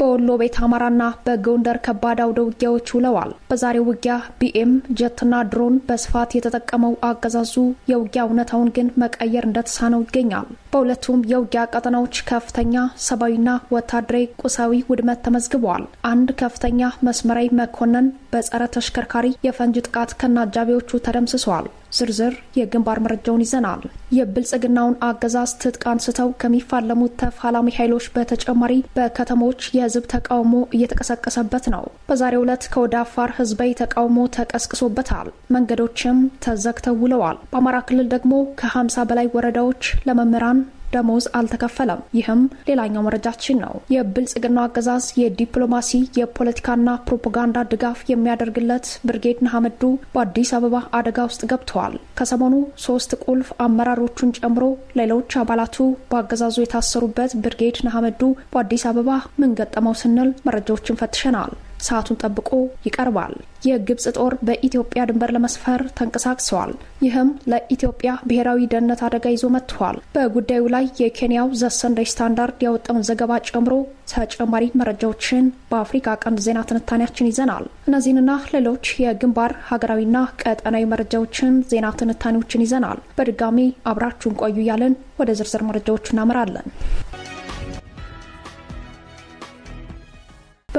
በወሎ ቤት አማራና በጎንደር ከባድ አውደ ውጊያዎች ውለዋል። በዛሬው ውጊያ ቢኤም ጀትና ድሮን በስፋት የተጠቀመው አገዛዙ የውጊያ እውነታውን ግን መቀየር እንደተሳነው ይገኛል። በሁለቱም የውጊያ ቀጠናዎች ከፍተኛ ሰብአዊና ወታደራዊ ቁሳዊ ውድመት ተመዝግበዋል። አንድ ከፍተኛ መስመራዊ መኮንን በጸረ ተሽከርካሪ የፈንጅ ጥቃት ከነአጃቢዎቹ ተደምስሰዋል። ዝርዝር የግንባር መረጃውን ይዘናል። የብልጽግናውን አገዛዝ ትጥቅ አንስተው ከሚፋለሙት ተፋላሚ ኃይሎች በተጨማሪ በከተሞች የህዝብ ተቃውሞ እየተቀሰቀሰበት ነው። በዛሬው ዕለት ከወደ አፋር ህዝባዊ ተቃውሞ ተቀስቅሶበታል። መንገዶችም ተዘግተው ውለዋል። በአማራ ክልል ደግሞ ከ50 በላይ ወረዳዎች ለመምህራን ደሞዝ አልተከፈለም። ይህም ሌላኛው መረጃችን ነው። የብልጽግና አገዛዝ የዲፕሎማሲ የፖለቲካና ፕሮፓጋንዳ ድጋፍ የሚያደርግለት ብርጌድ ንሓመዱ በአዲስ አበባ አደጋ ውስጥ ገብተዋል። ከሰሞኑ ሶስት ቁልፍ አመራሮቹን ጨምሮ ሌሎች አባላቱ በአገዛዙ የታሰሩበት ብርጌድ ንሓመዱ በአዲስ አበባ ምን ገጠመው ስንል መረጃዎችን ፈትሸናል። ሰዓቱን ጠብቆ ይቀርባል። የግብጽ ጦር በኢትዮጵያ ድንበር ለመስፈር ተንቀሳቅሰዋል። ይህም ለኢትዮጵያ ብሔራዊ ደህንነት አደጋ ይዞ መጥቷል። በጉዳዩ ላይ የኬንያው ዘሰንደይ ስታንዳርድ ያወጣውን ዘገባ ጨምሮ ተጨማሪ መረጃዎችን በአፍሪካ ቀንድ ዜና ትንታኔያችን ይዘናል። እነዚህንና ሌሎች የግንባር ሀገራዊና ቀጠናዊ መረጃዎችን፣ ዜና ትንታኔዎችን ይዘናል። በድጋሚ አብራችሁን ቆዩ ያለን ወደ ዝርዝር መረጃዎች እናመራለን።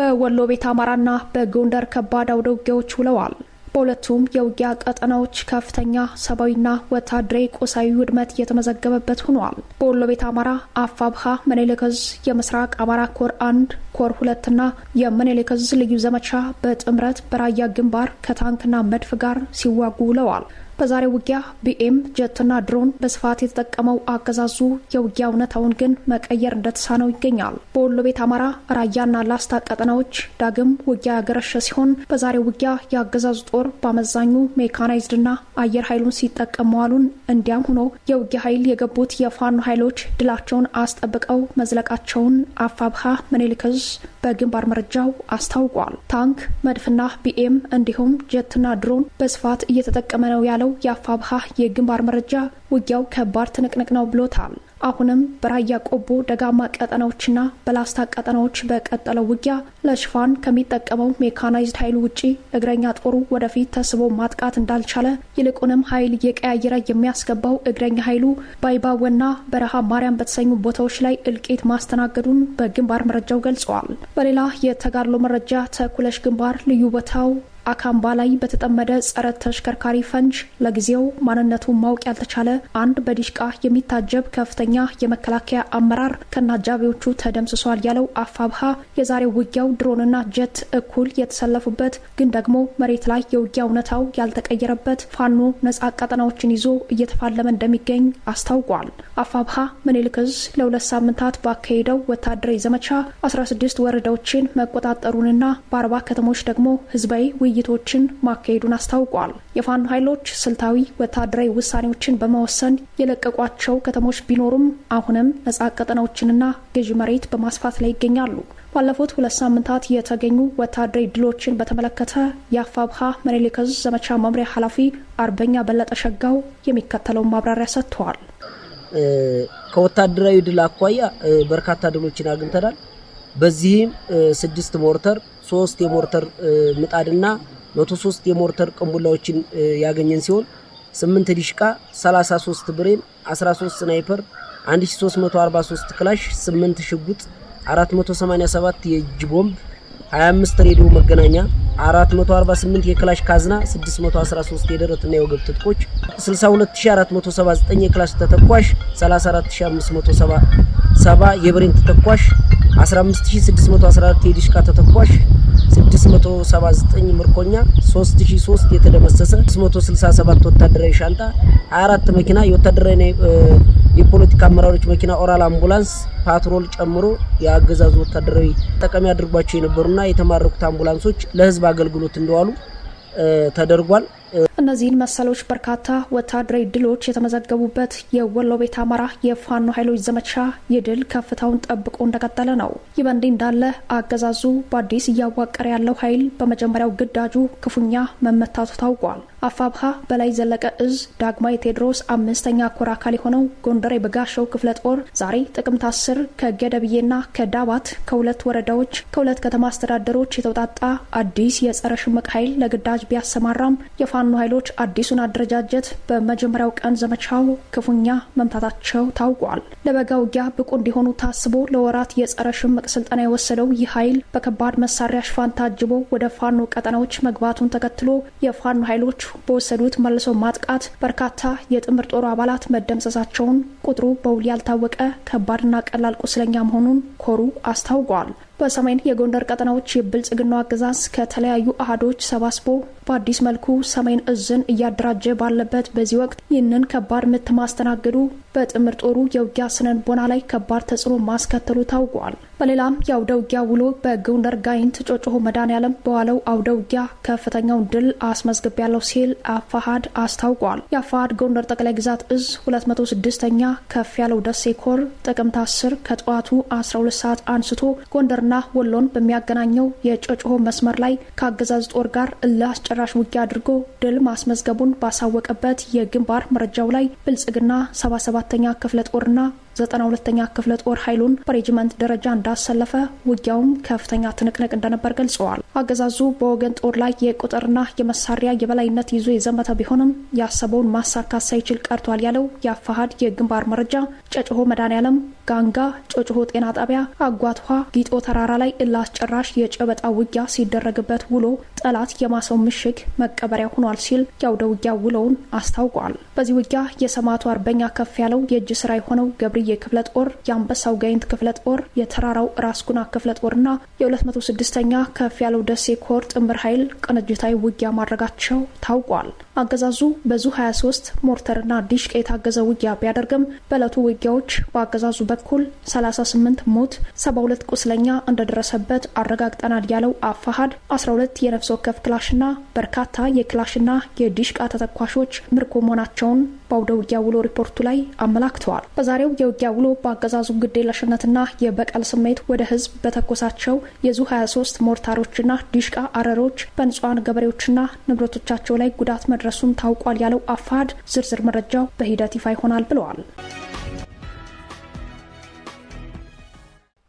በወሎ ቤት አማራና በጎንደር ከባድ አውደ ውጊያዎች ውለዋል። በሁለቱም የውጊያ ቀጠናዎች ከፍተኛ ሰብአዊና ወታደራዊ ቁሳዊ ውድመት እየተመዘገበበት ሆኗል። በወሎ ቤት አማራ አፋብሃ መኔሌከዝ የምስራቅ አማራ ኮር አንድ ኮር ሁለትና የመኔሌከዝ ልዩ ዘመቻ በጥምረት በራያ ግንባር ከታንክና መድፍ ጋር ሲዋጉ ውለዋል። በዛሬው ውጊያ ቢኤም ጀትና ድሮን በስፋት የተጠቀመው አገዛዙ የውጊያ እውነታውን ግን መቀየር እንደተሳነው ይገኛል። በወሎ ቤት አማራ፣ ራያና ላስታ ቀጠናዎች ዳግም ውጊያ ያገረሸ ሲሆን በዛሬው ውጊያ የአገዛዙ ጦር በአመዛኙ ሜካናይዝድና አየር ኃይሉን ሲጠቀም መዋሉን እንዲያም ሆኖ የውጊያ ኃይል የገቡት የፋኖ ኃይሎች ድላቸውን አስጠብቀው መዝለቃቸውን አፋብሃ ምኒልክዝ በግንባር መረጃው አስታውቋል። ታንክ መድፍና ቢኤም እንዲሁም ጀትና ድሮን በስፋት እየተጠቀመ ነው ያለው የሰጠው የአፋብሃ የግንባር መረጃ ውጊያው ከባድ ትንቅንቅ ነው ብሎታል። አሁንም በራያ ቆቦ ደጋማ ቀጠናዎችና በላስታ ቀጠናዎች በቀጠለው ውጊያ ለሽፋን ከሚጠቀመው ሜካናይዝድ ኃይል ውጪ እግረኛ ጦሩ ወደፊት ተስቦ ማጥቃት እንዳልቻለ ይልቁንም ኃይል እየቀያየረ የሚያስገባው እግረኛ ኃይሉ ባይባወና በረሃ ማርያም በተሰኙ ቦታዎች ላይ እልቂት ማስተናገዱን በግንባር መረጃው ገልጸዋል። በሌላ የተጋድሎ መረጃ ተኩለሽ ግንባር ልዩ ቦታው አካምባ ላይ በተጠመደ ጸረ ተሽከርካሪ ፈንጅ ለጊዜው ማንነቱን ማወቅ ያልተቻለ አንድ በዲሽቃ የሚታጀብ ከፍተኛ የመከላከያ አመራር ከነአጃቢዎቹ ተደምስሷል ያለው አፋብሃ የዛሬው ውጊያው ድሮንና ጀት እኩል የተሰለፉበት ግን ደግሞ መሬት ላይ የውጊያ እውነታው ያልተቀየረበት ፋኖ ነጻ ቀጠናዎችን ይዞ እየተፋለመ እንደሚገኝ አስታውቋል። አፋብሃ ምኒልክ ለሁለት ሳምንታት ባካሄደው ወታደራዊ ዘመቻ 16 ወረዳዎችን መቆጣጠሩንና በአርባ ከተሞች ደግሞ ህዝባዊ ውይ ውይይቶችን ማካሄዱን አስታውቋል። የፋኖ ኃይሎች ስልታዊ ወታደራዊ ውሳኔዎችን በመወሰን የለቀቋቸው ከተሞች ቢኖሩም አሁንም ነጻ ቀጠናዎችንና ገዢ መሬት በማስፋት ላይ ይገኛሉ። ባለፉት ሁለት ሳምንታት የተገኙ ወታደራዊ ድሎችን በተመለከተ የአፋብሃ መኔሊከዝ ዘመቻ መምሪያ ኃላፊ አርበኛ በለጠ ሸጋው የሚከተለውን ማብራሪያ ሰጥተዋል። ከወታደራዊ ድል አኳያ በርካታ ድሎችን አግኝተናል። በዚህም ስድስት ሞርተር ሶስት የሞርተር ምጣድና 103 የሞርተር ቅንቡላዎችን ያገኘን ሲሆን ስምንት ዲሽቃ፣ 33 ብሬን፣ 13 ስናይፐር፣ 1343 ክላሽ፣ 8 ሽጉጥ፣ 487 የእጅ ቦምብ፣ 25 ሬዲዮ መገናኛ 448 የክላሽ ካዝና 613 የደረትና የወገብ ትጥቆች 62479 የክላሽ ተተኳሽ 34577 የብሬን ተተኳሽ 15614 የዲሽቃ ተተኳሽ 679 ምርኮኛ፣ 3003 የተደመሰሰ፣ 667 ወታደራዊ ሻንጣ፣ 24 መኪና የወታደራዊ የፖለቲካ አመራሮች መኪና፣ ኦራል አምቡላንስ፣ ፓትሮል ጨምሮ የአገዛዙ ወታደራዊ ጠቃሚ አድርጓቸው የነበሩና የተማረኩት አምቡላንሶች ለህዝብ አገልግሎት እንደዋሉ ተደርጓል። እነዚህን መሰሎች በርካታ ወታደራዊ ድሎች የተመዘገቡበት የወሎ ቤት አማራ የፋኖ ኃይሎች ዘመቻ የድል ከፍታውን ጠብቆ እንደቀጠለ ነው። ይህ በእንዲህ እንዳለ አገዛዙ በአዲስ እያዋቀረ ያለው ኃይል በመጀመሪያው ግዳጁ ክፉኛ መመታቱ ታውቋል። አፋብሃ በላይ ዘለቀ እዝ ዳግማ የቴዎድሮስ አምስተኛ ኮር አካል የሆነው ጎንደር የበጋሸው ክፍለ ጦር ዛሬ ጥቅምት አስር ከገደብዬና ከዳባት ከሁለት ወረዳዎች ከሁለት ከተማ አስተዳደሮች የተውጣጣ አዲስ የጸረ ሽምቅ ኃይል ለግዳጅ ቢያሰማራም የፋ የፋኖ ኃይሎች አዲሱን አደረጃጀት በመጀመሪያው ቀን ዘመቻው ክፉኛ መምታታቸው ታውቋል። ለበጋ ውጊያ ብቁ እንዲሆኑ ታስቦ ለወራት የጸረ ሽምቅ ስልጠና የወሰደው ይህ ኃይል በከባድ መሳሪያ ሽፋን ታጅቦ ወደ ፋኖ ቀጠናዎች መግባቱን ተከትሎ የፋኖ ኃይሎች በወሰዱት መልሶ ማጥቃት በርካታ የጥምር ጦሩ አባላት መደምሰሳቸውን፣ ቁጥሩ በውል ያልታወቀ ከባድና ቀላል ቁስለኛ መሆኑን ኮሩ አስታውቋል። በሰሜን የጎንደር ቀጠናዎች የብልጽግናው አገዛዝ ከተለያዩ አህዶች ሰባስቦ በአዲስ መልኩ ሰሜን እዝን እያደራጀ ባለበት በዚህ ወቅት ይህንን ከባድ ምት ማስተናገዱ በጥምር ጦሩ የውጊያ ስነልቦና ላይ ከባድ ተጽዕኖ ማስከተሉ ታውቋል። በሌላም የአውደ ውጊያ ውሎ በጎንደር ጋይንት ጮጮሆ መድኃኔዓለም በዋለው አውደ ውጊያ ከፍተኛውን ድል ያለው ሲል አፋሃድ አስታውቋል። የአፋሃድ ጎንደር ጠቅላይ ግዛት እዝ 206ኛ ከፍ ያለው ደሴ ኮር ጥቅምት 10 ከጠዋቱ 12 ሰዓት አንስቶ ጎንደርና ወሎን በሚያገናኘው የጮጮሆ መስመር ላይ ከአገዛዝ ጦር ጋር እልህ አስጨራሽ ውጊያ አድርጎ ድል ማስመዝገቡን ባሳወቀበት የግንባር መረጃው ላይ ብልጽግና 77ኛ ክፍለ ጦርና ዘጠና ሁለተኛ ክፍለ ጦር ኃይሉን በሬጅመንት ደረጃ እንዳሰለፈ ውጊያውም ከፍተኛ ትንቅንቅ እንደነበር ገልጸዋል። አገዛዙ በወገን ጦር ላይ የቁጥርና የመሳሪያ የበላይነት ይዞ የዘመተ ቢሆንም ያሰበውን ማሳካት ሳይችል ቀርቷል ያለው የአፋሀድ የግንባር መረጃ ጨጭሆ መድኃኔዓለም፣ ጋንጋ፣ ጨጭሆ ጤና ጣቢያ፣ አጓትኋ፣ ጊጦ ተራራ ላይ እላስጨራሽ የጨበጣ ውጊያ ሲደረግበት ውሎ ጠላት የማሰው ምሽግ መቀበሪያ ሆኗል ሲል የአውደ ውጊያ ውለውን አስታውቋል። በዚህ ውጊያ የሰማዕቱ አርበኛ ከፍ ያለው የእጅ ስራ የሆነው ገብርዬ ክፍለ ጦር፣ የአንበሳው ጋይንት ክፍለ ጦር፣ የተራራው ራስ ጉና ክፍለ ጦርና የ206ኛ ከፍ ያለው ደሴ ኮር ጥምር ኃይል ቅንጅታዊ ውጊያ ማድረጋቸው ታውቋል። አገዛዙ በዙ 23 ሞርተርና ዲሽቅ የታገዘ ውጊያ ቢያደርግም በዕለቱ ውጊያዎች በአገዛዙ በኩል 38 ሞት፣ 72 ቁስለኛ እንደደረሰበት አረጋግጠናል ያለው አፋሃድ 12 የነፍስ ወከፍ ክላሽና በርካታ የክላሽና የዲሽቃ ተተኳሾች ምርኮ መሆናቸውን በአውደ ውጊያ ውሎ ሪፖርቱ ላይ አመላክተዋል። በዛሬው የውጊያ ውሎ በአገዛዙ ግዴለሽነትና የበቀል ስሜት ወደ ህዝብ በተኮሳቸው የዙ 23 ሞርታሮችና ዲሽቃ አረሮች በንጹሐን ገበሬዎችና ንብረቶቻቸው ላይ ጉዳት መድረሱን ታውቋል ያለው አፋድ ዝርዝር መረጃው በሂደት ይፋ ይሆናል ብለዋል።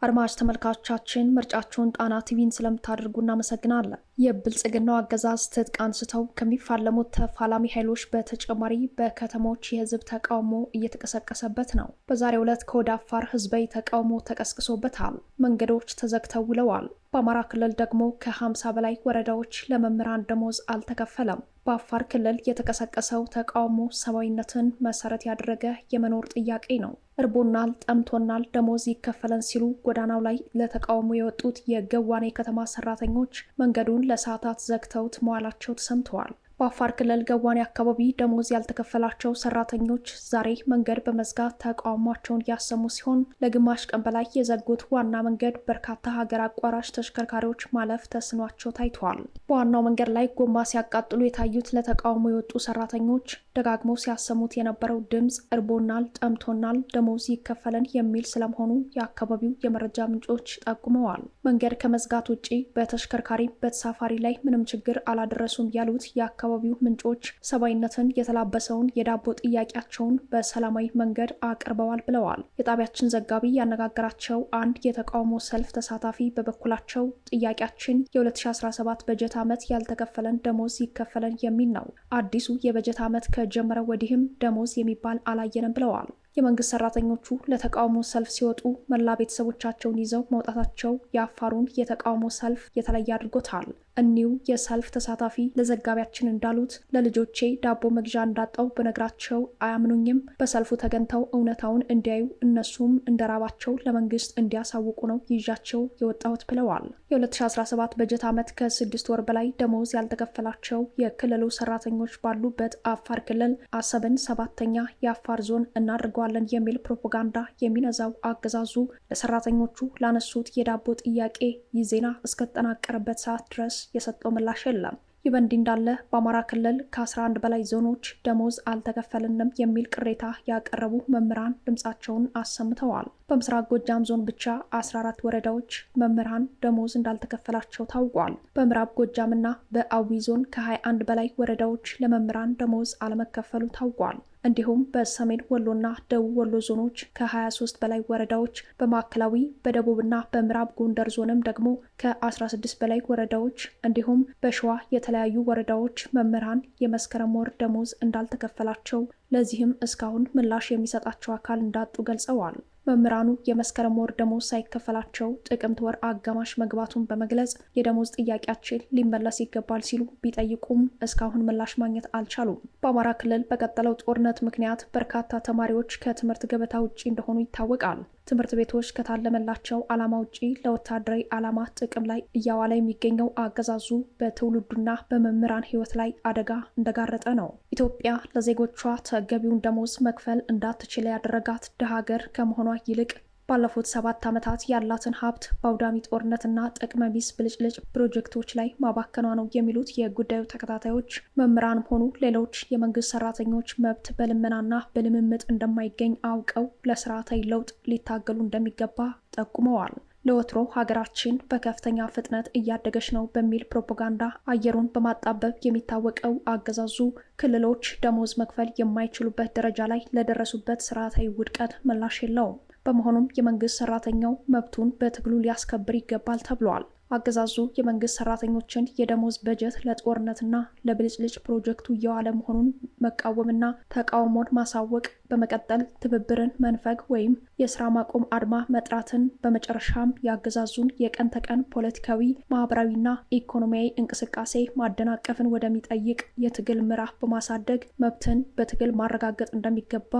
አድማጭ ተመልካቻችን ምርጫችሁን ጣና ቲቪን ስለምታደርጉ እናመሰግናለን። የብልጽግናው አገዛዝ ትጥቅ አንስተው ከሚፋለሙት ተፋላሚ ኃይሎች በተጨማሪ በከተሞች የህዝብ ተቃውሞ እየተቀሰቀሰበት ነው። በዛሬው ዕለት ከወደ አፋር ህዝባዊ ተቃውሞ ተቀስቅሶበታል። መንገዶች ተዘግተው ውለዋል። በአማራ ክልል ደግሞ ከ50 በላይ ወረዳዎች ለመምህራን ደሞዝ አልተከፈለም። በአፋር ክልል የተቀሰቀሰው ተቃውሞ ሰብአዊነትን መሰረት ያደረገ የመኖር ጥያቄ ነው። እርቦናል፣ ጠምቶናል፣ ደሞዝ ይከፈለን ሲሉ ጎዳናው ላይ ለተቃውሞ የወጡት የገዋኔ ከተማ ሰራተኞች መንገዱን ለሰዓታት ዘግተውት መዋላቸው ተሰምተዋል። በአፋር ክልል ገዋኔ አካባቢ ደሞዝ ያልተከፈላቸው ሰራተኞች ዛሬ መንገድ በመዝጋት ተቃውሟቸውን እያሰሙ ሲሆን ለግማሽ ቀን በላይ የዘጉት ዋና መንገድ በርካታ ሀገር አቋራጭ ተሽከርካሪዎች ማለፍ ተስኗቸው ታይተዋል። በዋናው መንገድ ላይ ጎማ ሲያቃጥሉ የታዩት ለተቃውሞ የወጡ ሰራተኞች ደጋግመው ሲያሰሙት የነበረው ድምፅ እርቦናል፣ ጠምቶናል፣ ደሞዝ ይከፈለን የሚል ስለመሆኑ የአካባቢው የመረጃ ምንጮች ጠቁመዋል። መንገድ ከመዝጋት ውጪ በተሽከርካሪ በተሳፋሪ ላይ ምንም ችግር አላደረሱም ያሉት የአካባቢ የአካባቢው ምንጮች ሰብአዊነትን የተላበሰውን የዳቦ ጥያቄያቸውን በሰላማዊ መንገድ አቅርበዋል ብለዋል። የጣቢያችን ዘጋቢ ያነጋገራቸው አንድ የተቃውሞ ሰልፍ ተሳታፊ በበኩላቸው ጥያቄያችን የ2017 በጀት ዓመት ያልተከፈለን ደሞዝ ይከፈለን የሚል ነው። አዲሱ የበጀት ዓመት ከጀመረ ወዲህም ደሞዝ የሚባል አላየንም ብለዋል። የመንግስት ሰራተኞቹ ለተቃውሞ ሰልፍ ሲወጡ መላ ቤተሰቦቻቸውን ይዘው መውጣታቸው የአፋሩን የተቃውሞ ሰልፍ የተለየ አድርጎታል። እኒሁ የሰልፍ ተሳታፊ ለዘጋቢያችን እንዳሉት ለልጆቼ ዳቦ መግዣ እንዳጣው በነግራቸው አያምኑኝም። በሰልፉ ተገኝተው እውነታውን እንዲያዩ እነሱም እንደራባቸው ለመንግስት እንዲያሳውቁ ነው ይዣቸው የወጣሁት ብለዋል። የ2017 በጀት ዓመት ከስድስት ወር በላይ ደሞዝ ያልተከፈላቸው የክልሉ ሰራተኞች ባሉበት አፋር ክልል አሰብን ሰባተኛ የአፋር ዞን እናድርገዋለን የሚል ፕሮፓጋንዳ የሚነዛው አገዛዙ ለሰራተኞቹ ላነሱት የዳቦ ጥያቄ ይህ ዜና እስከተጠናቀረበት ሰዓት ድረስ የሰጠው ምላሽ የለም። ይህ በእንዲህ እንዳለ በአማራ ክልል ከ11 በላይ ዞኖች ደሞዝ አልተከፈልንም የሚል ቅሬታ ያቀረቡ መምህራን ድምፃቸውን አሰምተዋል። በምስራቅ ጎጃም ዞን ብቻ 14 ወረዳዎች መምህራን ደሞዝ እንዳልተከፈላቸው ታውቋል። በምዕራብ ጎጃምና በአዊ ዞን ከ21 በላይ ወረዳዎች ለመምህራን ደሞዝ አለመከፈሉ ታውቋል። እንዲሁም በሰሜን ወሎና ደቡብ ወሎ ዞኖች ከ23 በላይ ወረዳዎች በማዕከላዊ በደቡብና በምዕራብ ጎንደር ዞንም ደግሞ ከ16 በላይ ወረዳዎች እንዲሁም በሸዋ የተለያዩ ወረዳዎች መምህራን የመስከረም ወር ደሞዝ እንዳልተከፈላቸው ለዚህም እስካሁን ምላሽ የሚሰጣቸው አካል እንዳጡ ገልጸዋል። መምህራኑ የመስከረም ወር ደሞዝ ሳይከፈላቸው ጥቅምት ወር አጋማሽ መግባቱን በመግለጽ የደሞዝ ጥያቄያችን ሊመለስ ይገባል ሲሉ ቢጠይቁም እስካሁን ምላሽ ማግኘት አልቻሉም። በአማራ ክልል በቀጠለው ጦርነት ምክንያት በርካታ ተማሪዎች ከትምህርት ገበታ ውጭ እንደሆኑ ይታወቃል። ትምህርት ቤቶች ከታለመላቸው ዓላማ ውጪ ለወታደራዊ ዓላማ ጥቅም ላይ እያዋለ የሚገኘው አገዛዙ በትውልዱና በመምህራን ሕይወት ላይ አደጋ እንደጋረጠ ነው። ኢትዮጵያ ለዜጎቿ ተገቢውን ደሞዝ መክፈል እንዳትችል ያደረጋት ድሃ ሀገር ከመሆኗ ይልቅ ባለፉት ሰባት ዓመታት ያላትን ሀብት በአውዳሚ ጦርነትና ጥቅመ ቢስ ብልጭልጭ ፕሮጀክቶች ላይ ማባከኗ ነው የሚሉት የጉዳዩ ተከታታዮች መምህራንም ሆኑ ሌሎች የመንግስት ሰራተኞች መብት በልመናና በልምምጥ እንደማይገኝ አውቀው ለስርዓታዊ ለውጥ ሊታገሉ እንደሚገባ ጠቁመዋል። ለወትሮ ሀገራችን በከፍተኛ ፍጥነት እያደገች ነው በሚል ፕሮፓጋንዳ አየሩን በማጣበብ የሚታወቀው አገዛዙ ክልሎች ደሞዝ መክፈል የማይችሉበት ደረጃ ላይ ለደረሱበት ስርዓታዊ ውድቀት ምላሽ የለውም። በመሆኑም የመንግስት ሰራተኛው መብቱን በትግሉ ሊያስከብር ይገባል ተብሏል። አገዛዙ የመንግስት ሰራተኞችን የደሞዝ በጀት ለጦርነትና ለብልጭልጭ ፕሮጀክቱ እየዋለ መሆኑን መቃወምና ተቃውሞን ማሳወቅ፣ በመቀጠል ትብብርን መንፈግ ወይም የስራ ማቆም አድማ መጥራትን፣ በመጨረሻም የአገዛዙን የቀን ተቀን ፖለቲካዊ ማህበራዊና ኢኮኖሚያዊ እንቅስቃሴ ማደናቀፍን ወደሚጠይቅ የትግል ምዕራፍ በማሳደግ መብትን በትግል ማረጋገጥ እንደሚገባ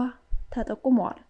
ተጠቁመዋል።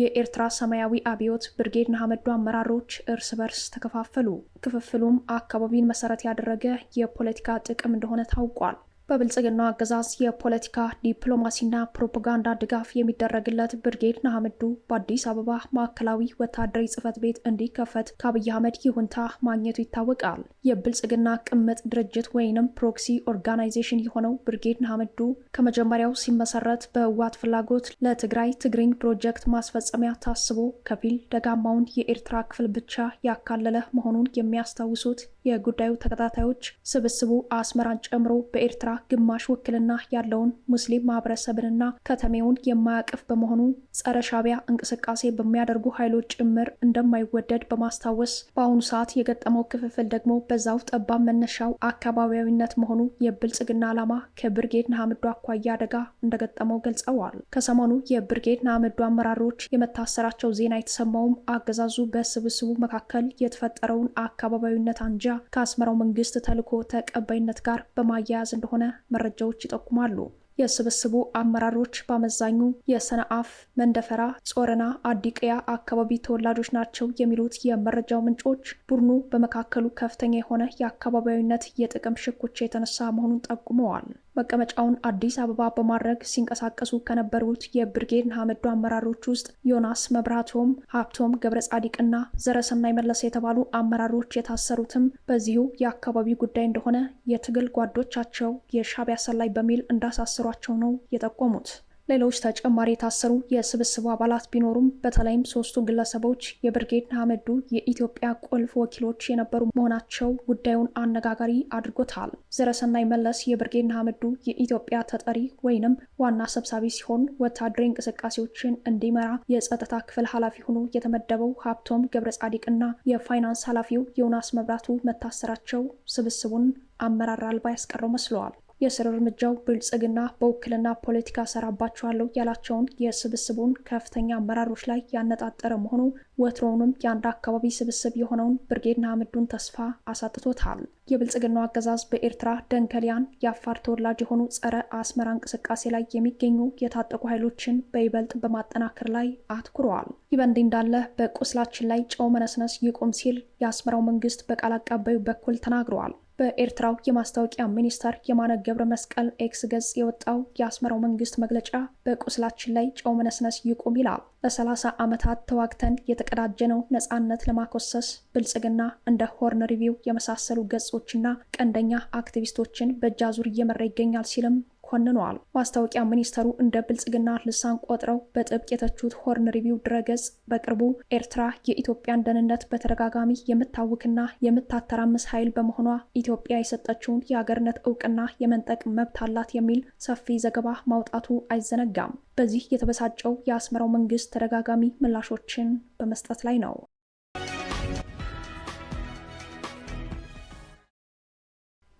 የኤርትራ ሰማያዊ አብዮት ብርጌድ ንሓመዱ አመራሮች እርስ በርስ ተከፋፈሉ። ክፍፍሉም አካባቢን መሰረት ያደረገ የፖለቲካ ጥቅም እንደሆነ ታውቋል። በብልጽግናው አገዛዝ የፖለቲካ ዲፕሎማሲና ፕሮፓጋንዳ ድጋፍ የሚደረግለት ብርጌድ ንሓመዱ በአዲስ አበባ ማዕከላዊ ወታደራዊ ጽሕፈት ቤት እንዲከፈት ከአብይ አህመድ ይሁንታ ማግኘቱ ይታወቃል። የብልጽግና ቅምጥ ድርጅት ወይንም ፕሮክሲ ኦርጋናይዜሽን የሆነው ብርጌድ ንሓመዱ ከመጀመሪያው ሲመሰረት በህወሓት ፍላጎት ለትግራይ ትግርኝ ፕሮጀክት ማስፈጸሚያ ታስቦ ከፊል ደጋማውን የኤርትራ ክፍል ብቻ ያካለለ መሆኑን የሚያስታውሱት የጉዳዩ ተከታታዮች ስብስቡ አስመራን ጨምሮ በኤርትራ ግማሽ ውክልና ያለውን ሙስሊም ማህበረሰብንና ከተሜውን የማያቅፍ በመሆኑ ጸረ ሻቢያ እንቅስቃሴ በሚያደርጉ ኃይሎች ጭምር እንደማይወደድ በማስታወስ በአሁኑ ሰዓት የገጠመው ክፍፍል ደግሞ በዛው ጠባብ መነሻው አካባቢያዊነት መሆኑ የብልጽግና ዓላማ ከብርጌድ ንሓመዱ አኳያ አደጋ እንደገጠመው ገልጸዋል። ከሰሞኑ የብርጌድ ንሓመዱ አመራሮች የመታሰራቸው ዜና የተሰማውም አገዛዙ በስብስቡ መካከል የተፈጠረውን አካባቢያዊነት አንጃ ከአስመራው መንግስት ተልዕኮ ተቀባይነት ጋር በማያያዝ እንደሆነ መረጃዎች ይጠቁማሉ። የስብስቡ አመራሮች በአመዛኙ የሰነአፍ፣ መንደፈራ፣ ጾረና፣ አዲቅያ አካባቢ ተወላጆች ናቸው የሚሉት የመረጃው ምንጮች ቡድኑ በመካከሉ ከፍተኛ የሆነ የአካባቢያዊነት የጥቅም ሽኩቻ የተነሳ መሆኑን ጠቁመዋል። መቀመጫውን አዲስ አበባ በማድረግ ሲንቀሳቀሱ ከነበሩት የብርጌድ ንሓመዱ አመራሮች ውስጥ ዮናስ መብራቶም፣ ሀብቶም ገብረ ጻዲቅና ዘረሰናይ መለሰ የተባሉ አመራሮች የታሰሩትም በዚሁ የአካባቢ ጉዳይ እንደሆነ የትግል ጓዶቻቸው የሻቢያ ሰላይ በሚል እንዳሳስሯቸው ነው የጠቆሙት። ሌሎች ተጨማሪ የታሰሩ የስብስቡ አባላት ቢኖሩም በተለይም ሶስቱ ግለሰቦች የብርጌድ ንሓመዱ የኢትዮጵያ ቁልፍ ወኪሎች የነበሩ መሆናቸው ጉዳዩን አነጋጋሪ አድርጎታል። ዘረሰናይ መለስ የብርጌድ ንሓመዱ የኢትዮጵያ ተጠሪ ወይንም ዋና ሰብሳቢ ሲሆን ወታደራዊ እንቅስቃሴዎችን እንዲመራ የጸጥታ ክፍል ኃላፊ ሆኖ የተመደበው ሀብቶም ገብረ ጻዲቅና የፋይናንስ ኃላፊው ዮናስ መብራቱ መታሰራቸው ስብስቡን አመራር አልባ ያስቀረው መስለዋል። የስር እርምጃው ብልጽግና በውክልና ፖለቲካ ሰራባቸዋለሁ ያላቸውን የስብስቡን ከፍተኛ አመራሮች ላይ ያነጣጠረ መሆኑ ወትሮውንም የአንድ አካባቢ ስብስብ የሆነውን ብርጌድ ንሓመዱን ተስፋ አሳጥቶታል። የብልጽግናው አገዛዝ በኤርትራ ደንከሊያን የአፋር ተወላጅ የሆኑ ጸረ አስመራ እንቅስቃሴ ላይ የሚገኙ የታጠቁ ኃይሎችን በይበልጥ በማጠናከር ላይ አትኩረዋል። ይህ በእንዲህ እንዳለ በቁስላችን ላይ ጨው መነስነስ ይቁም ሲል የአስመራው መንግስት በቃል አቀባዩ በኩል ተናግረዋል። በኤርትራው የማስታወቂያ ሚኒስተር የማነ ገብረ መስቀል ኤክስ ገጽ የወጣው የአስመራው መንግስት መግለጫ በቁስላችን ላይ ጨው መነስነስ ይቁም ይላል። ለሰላሳ ዓመታት ተዋግተን የተቀዳጀነው ነጻነት ለማኮሰስ ብልጽግና እንደ ሆርን ሪቪው የመሳሰሉ ገጾችና ቀንደኛ አክቲቪስቶችን በእጃዙር እየመራ ይገኛል ሲልም ኮንኗል። ማስታወቂያ ሚኒስተሩ እንደ ብልጽግና ልሳን ቆጥረው በጥብቅ የተቹት ሆርን ሪቪው ድረገጽ በቅርቡ ኤርትራ የኢትዮጵያን ደህንነት በተደጋጋሚ የምታውክና የምታተራምስ ኃይል በመሆኗ ኢትዮጵያ የሰጠችውን የሀገርነት እውቅና የመንጠቅ መብት አላት የሚል ሰፊ ዘገባ ማውጣቱ አይዘነጋም። በዚህ የተበሳጨው የአስመራው መንግስት ተደጋጋሚ ምላሾችን በመስጠት ላይ ነው።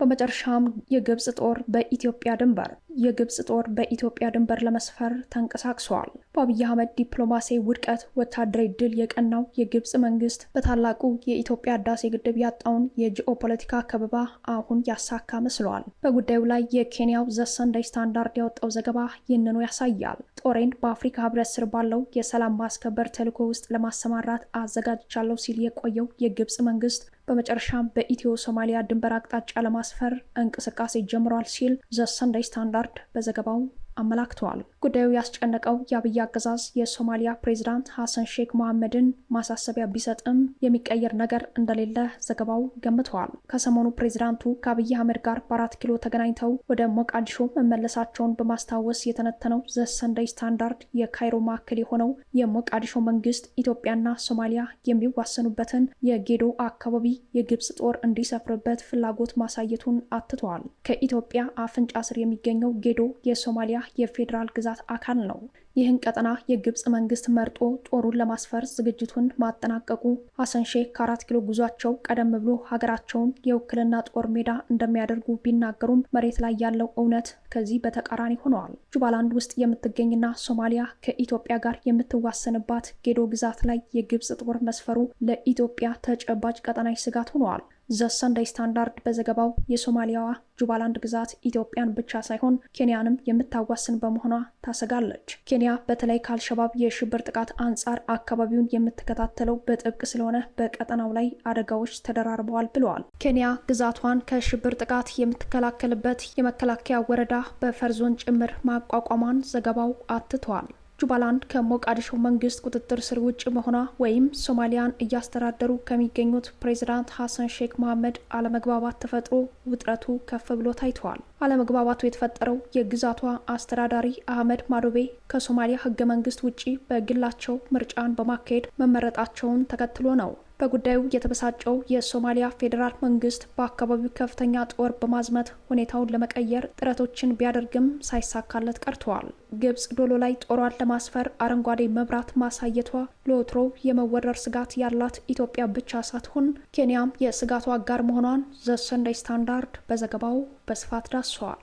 በመጨረሻም የግብፅ ጦር በኢትዮጵያ ድንበር የግብፅ ጦር በኢትዮጵያ ድንበር ለመስፈር ተንቀሳቅሷል። በአብይ አህመድ ዲፕሎማሲ ውድቀት ወታደራዊ ድል የቀናው የግብፅ መንግስት በታላቁ የኢትዮጵያ ህዳሴ ግድብ ያጣውን የጂኦፖለቲካ ከበባ አሁን ያሳካ መስሏል። በጉዳዩ ላይ የኬንያው ዘሰንዳይ ስታንዳርድ ያወጣው ዘገባ ይህንኑ ያሳያል። ጦሬን በአፍሪካ ህብረት ስር ባለው የሰላም ማስከበር ተልዕኮ ውስጥ ለማሰማራት አዘጋጅቻለሁ ሲል የቆየው የግብፅ መንግስት በመጨረሻም በኢትዮ ሶማሊያ ድንበር አቅጣጫ ለማስፈር እንቅስቃሴ ጀምሯል ሲል ዘሰንዳይ ስታንዳርድ ላምባርድ በዘገባው አመላክተዋል። ጉዳዩ ያስጨነቀው የአብይ አገዛዝ የሶማሊያ ፕሬዚዳንት ሐሰን ሼክ መሐመድን ማሳሰቢያ ቢሰጥም የሚቀየር ነገር እንደሌለ ዘገባው ገምተዋል። ከሰሞኑ ፕሬዚዳንቱ ከአብይ አህመድ ጋር በአራት ኪሎ ተገናኝተው ወደ ሞቃዲሾ መመለሳቸውን በማስታወስ የተነተነው ዘ ሰንደይ ስታንዳርድ የካይሮ ማዕከል የሆነው የሞቃዲሾ መንግስት ኢትዮጵያና ሶማሊያ የሚዋሰኑበትን የጌዶ አካባቢ የግብፅ ጦር እንዲሰፍርበት ፍላጎት ማሳየቱን አትተዋል። ከኢትዮጵያ አፍንጫ ስር የሚገኘው ጌዶ የሶማሊያ የሶሪያ የፌዴራል ግዛት አካል ነው። ይህን ቀጠና የግብፅ መንግስት መርጦ ጦሩን ለማስፈር ዝግጅቱን ማጠናቀቁ ሀሰን ሼህ ከአራት ኪሎ ጉዟቸው ቀደም ብሎ ሀገራቸውን የውክልና ጦር ሜዳ እንደሚያደርጉ ቢናገሩም መሬት ላይ ያለው እውነት ከዚህ በተቃራኒ ሆነዋል። ጁባላንድ ውስጥ የምትገኝና ሶማሊያ ከኢትዮጵያ ጋር የምትዋሰንባት ጌዶ ግዛት ላይ የግብፅ ጦር መስፈሩ ለኢትዮጵያ ተጨባጭ ቀጠናዊ ስጋት ሆነዋል። ዘ ሰንደይ ስታንዳርድ በዘገባው የሶማሊያዋ ጁባላንድ ግዛት ኢትዮጵያን ብቻ ሳይሆን ኬንያንም የምታዋስን በመሆኗ ታሰጋለች። ኬንያ በተለይ ከአልሸባብ የሽብር ጥቃት አንጻር አካባቢውን የምትከታተለው በጥብቅ ስለሆነ በቀጠናው ላይ አደጋዎች ተደራርበዋል ብለዋል። ኬንያ ግዛቷን ከሽብር ጥቃት የምትከላከልበት የመከላከያ ወረዳ በፈርዞን ጭምር ማቋቋሟን ዘገባው አትቷል። ጁባላንድ ከሞቃዲሾ መንግስት ቁጥጥር ስር ውጭ መሆኗ ወይም ሶማሊያን እያስተዳደሩ ከሚገኙት ፕሬዚዳንት ሀሰን ሼክ መሐመድ አለመግባባት ተፈጥሮ ውጥረቱ ከፍ ብሎ ታይተዋል። አለመግባባቱ የተፈጠረው የግዛቷ አስተዳዳሪ አህመድ ማዶቤ ከሶማሊያ ህገ መንግስት ውጪ በግላቸው ምርጫን በማካሄድ መመረጣቸውን ተከትሎ ነው። በጉዳዩ የተበሳጨው የሶማሊያ ፌዴራል መንግስት በአካባቢው ከፍተኛ ጦር በማዝመት ሁኔታውን ለመቀየር ጥረቶችን ቢያደርግም ሳይሳካለት ቀርተዋል። ግብጽ ዶሎ ላይ ጦሯን ለማስፈር አረንጓዴ መብራት ማሳየቷ ለወትሮ የመወረር ስጋት ያላት ኢትዮጵያ ብቻ ሳትሆን ኬንያም የስጋቱ አጋር መሆኗን ዘ ሰንደይ ስታንዳርድ በዘገባው በስፋት ዳስሰዋል።